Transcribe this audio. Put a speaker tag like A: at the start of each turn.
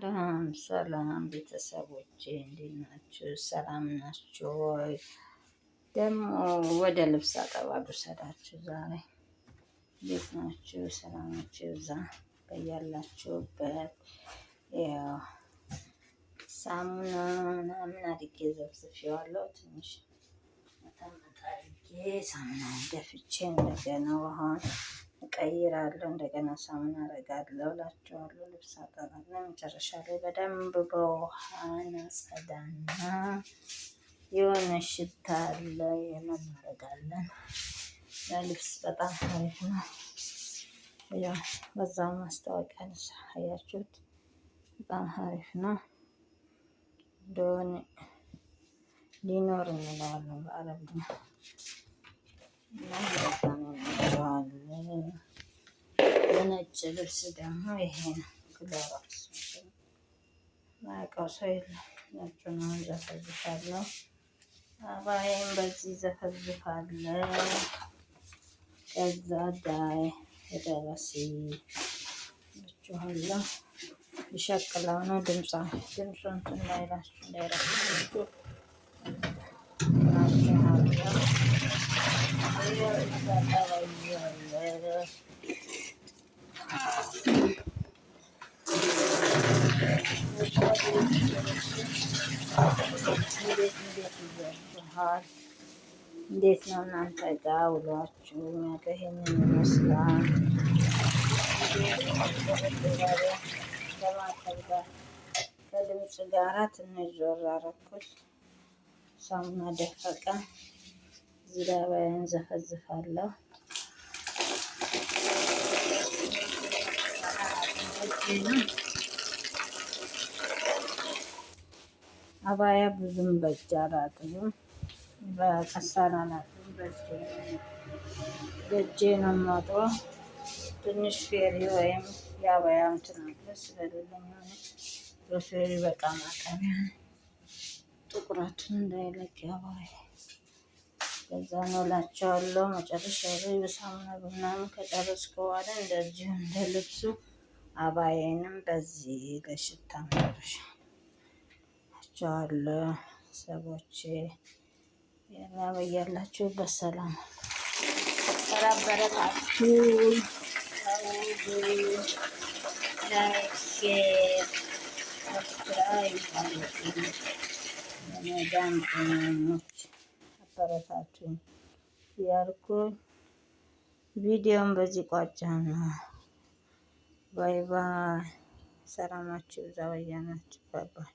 A: ሰላም ሰላም ቤተሰቦች እንዴት ናችሁ? ሰላም ናችሁ ደግሞ ወደ ልብስ አጠባ ልውሰዳችሁ ዛሬ። እንዴት ናችሁ? ሰላም ናችሁ? እዛ በያላችሁበት ያው ሳሙና ምናምን አድጌ ዘብዝፌዋለሁ። ትንሽ መጠመጥ አድጌ ሳሙና ደፍቼ እንደገና ውሃውን ቀይራለሁ፣ እንደገና ሳሙና አረጋለሁ ላቸዋለሁ። ልብስ አጠራለ። መጨረሻ ላይ በደንብ በውሃ ነጸዳና የሆነ ሽታ አለ የመናረጋለን ለልብስ በጣም ታሪፍ ነው። ያ በዛ ማስታወቂያ ያያችሁት በጣም አሪፍ ነው እንደሆነ ሊኖር እንለዋለን በአረብ እና ነጭ ልብስ ደግሞ ይሄ ነው። ግለራሱ ማቀው ሰው የለም። ነጩ ነው ዘፈዝፋለሁ። አባይም በዚህ ዘፈዝፋለሁ። ከዛ ዳይ ደረሲ ብችኋለሁ። ይሸቅላው ነው ድምፃ ድምፁ እንትን ላይላችሁ እንዳይረሳችሁ ናችኋለሁ እንዴት ነው እናንተ ጋ ውሏችሁ? ነገ ይሄንን ይመስላል። ከድምፅ ጋራ ትንሽ ዞር ሳሙና ደፈቀ። Thank you. አባያ ብዙም በእጅ አላጥብም፣ በቀሳን አላጥብም። በእጄ ነው የማጥበው። ትንሽ ፌሪ ወይም የአባያ እንትን አለ ስለሌለኝ ሆነ በፌሪ በቃ ማጠቢያ ጥቁራትን እንዳይለቅ ያባይ ከዛ ነው እላቸዋለሁ። መጨረሻ ላይ በሳሙና ምናምን ከጨረስኩ በኋላ እንደዚሁ እንደ ልብሱ አባዬንም በዚህ ለሽታ መጨረሻ እላችኋለሁ ሰቦቼ ያላበያላችሁበት ሰላም ተራበረታችሁ ላይዳን ኖች አበረታችሁ ያልኩኝ ቪዲዮን በዚህ ቋጫ ነው። ባይ ባይ። ሰላማችሁ ይብዛ። በያናችሁ ባይ ባይ።